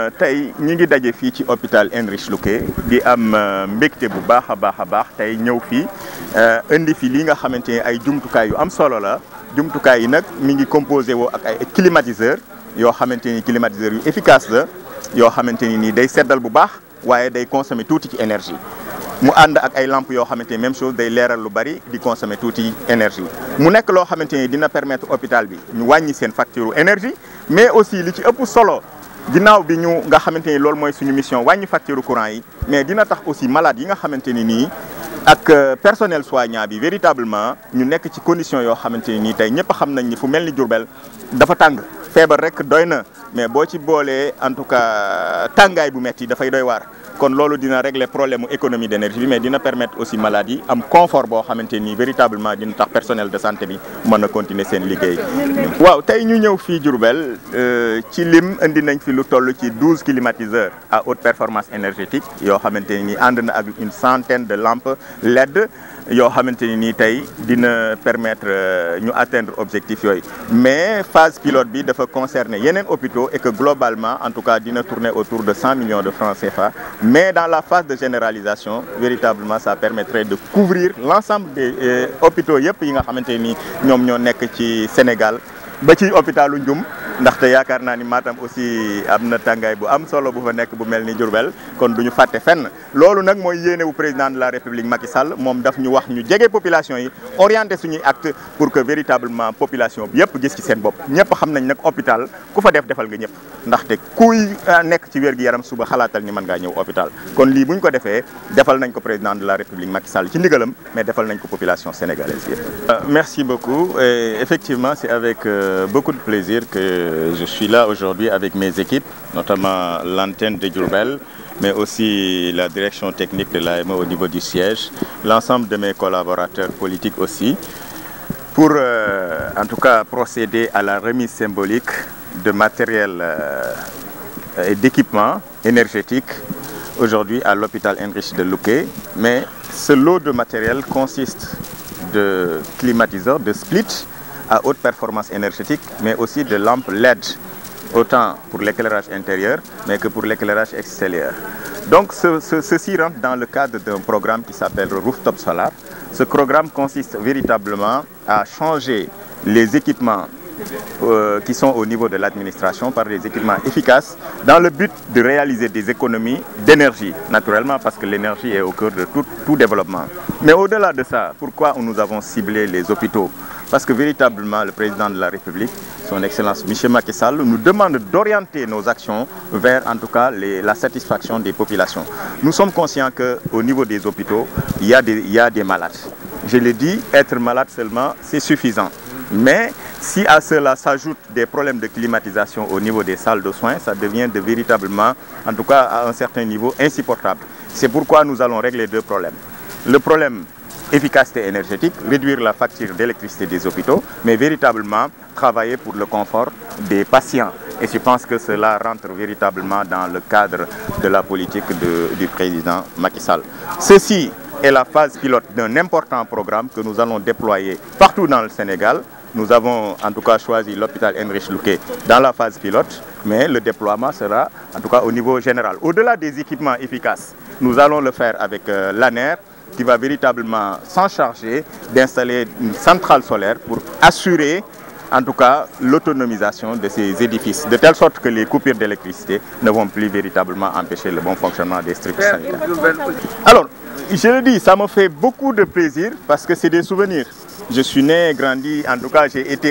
Euh, tey ñi ngi daje fii ci hôpital Heinrich Lucke di am euh, mbégte bu baax a baax a baax tey ñëw fii euh, indi fi li nga xamante ni ay jumtukaay yu am solo la jumtukaay yi nag mi ngi composé woo ak ay climatiseur yoo xamante ni climatiseur yu efficace la yoo xamante ni nii day seddal bu baax waaye day consommer tuuti ci énergie mu ànd ak ay lampes yoo xamante ni même chose day leeral lu bari di consommer tuuti énergie mu nekk loo xamante ni dina permettre hôpital bi ñu wàññi seen facture énergie mais aussi li ci ëpp solo ginnaaw bi ñu nga xamante ni loolu mooy suñu mission wàññi facture courant yi mais dina tax aussi malade yi nga xamante ni nii ak euh, personnel soignant bi véritablement ñu nekk ci condition yoo xamante ni nii tey ñëpp xam nañ ni fu mel ni Diourbel dafa tàng feebar rek doy na mais boo ci boolee en tout cas tàngaay bu metti dafay doy waar kon loolu dina régler problème économie d'énergie bi mais dina permettre aussi maladies am confort boo xamante nii véritablement dina tax personnel de santé bi mën a continuer seen liggéey waaw tey ñu ñëw fii Diourbel euh, ci lim indi nañ fi lu toll ci douze climatiseurs à haute performance énergétique yoo xamante ni ànd na ak une centaine de lamp LED yoo xamante ni nii tey dina permettre euh, ñu atteindre objectif yooyu mais phase pilote bi dafa concerner yeneen hôpitaux et que globalement en tout cas dina tourner autour de cent de francs CFA Mais dans la phase de généralisation, véritablement, ça permettrait de couvrir l'ensemble des euh, ni Yep, qui nekk ci Sénégal, ba ci l'hôpital ndaxte yaakaar naa ni maatam aussi am na tàngaay bu am solo bu fa nekk bu mel ni Diourbel kon du ñu fàtte fenn loolu nag mooy yéene wu président de la république Macky Sall moom daf ñu wax ñu jege population yi orienté suñuy acte pour que véritablement population bi yëpp gis ci seen bopp ñëpp xam nañ nag hôpital ku fa def defal nga ñëpp ndaxte kuy euh, nekk ci wér gi yaram suba xalaatal ñu mën ngaa ñëw hôpital kon lii bu ko defee defal nañ ko président de la république Macky Sall ci ndigalam mais defal nañ ko population sénégalaise yëpp. Euh, merci beaucoup effectivement c'est avec euh, beaucoup de plaisir que euh, je suis là aujourd'hui avec mes équipes, notamment l'antenne de Diourbel, mais aussi la direction technique de la l'AME au niveau du siège, l'ensemble de mes collaborateurs politiques aussi, pour euh, en tout cas procéder à la remise symbolique de matériel euh, et d'équipement énergétique aujourd'hui à l'hôpital Heinrich de Louquet. Mais ce lot de matériel consiste de climatiseurs, de splits, à haute performance énergétique, mais aussi de lampes LED, autant pour l'éclairage intérieur, mais que pour l'éclairage extérieur. Donc ce, ce, ceci rentre dans le cadre d'un programme qui s'appelle Rooftop Solar. Ce programme consiste véritablement à changer les équipements euh, qui sont au niveau de l'administration par des équipements efficaces dans le but de réaliser des économies d'énergie, naturellement parce que l'énergie est au cœur de tout, tout développement. Mais au-delà de ça, pourquoi nous avons ciblé les hôpitaux Parce que véritablement, le président de la République, son Excellence Michel Macky Sall, nous demande d'orienter nos actions vers, en tout cas, les, la satisfaction des populations. Nous sommes conscients qu'au niveau des hôpitaux, il y, a des, il y a des malades. Je l'ai dit, être malade Si à cela s'ajoutent des problèmes de climatisation au niveau des salles de soins, ça devient véritablement, en tout cas à un certain niveau, insupportable. C'est pourquoi nous allons régler deux problèmes. Le problème efficacité énergétique, réduire la facture d'électricité des hôpitaux, mais véritablement travailler pour le confort des patients. Et je pense que cela rentre véritablement dans le cadre de la politique de, du président Macky est la phase pilote d'un important programme que nous allons déployer partout dans le Sénégal. Nous avons en tout cas choisi l'hôpital Heinrich Luquet dans la phase pilote, mais le déploiement sera en tout cas au niveau général. Au-delà des équipements efficaces, nous allons le faire avec euh, l'ANER qui va véritablement s'en charger d'installer une centrale solaire pour assurer en tout cas l'autonomisation de ces édifices, de telle sorte que les coupures d'électricité ne vont plus véritablement le bon fonctionnement des structures je le dis, ça me fait beaucoup de plaisir parce que c'est des souvenirs. Je suis né, grandi, en tout cas, j'ai été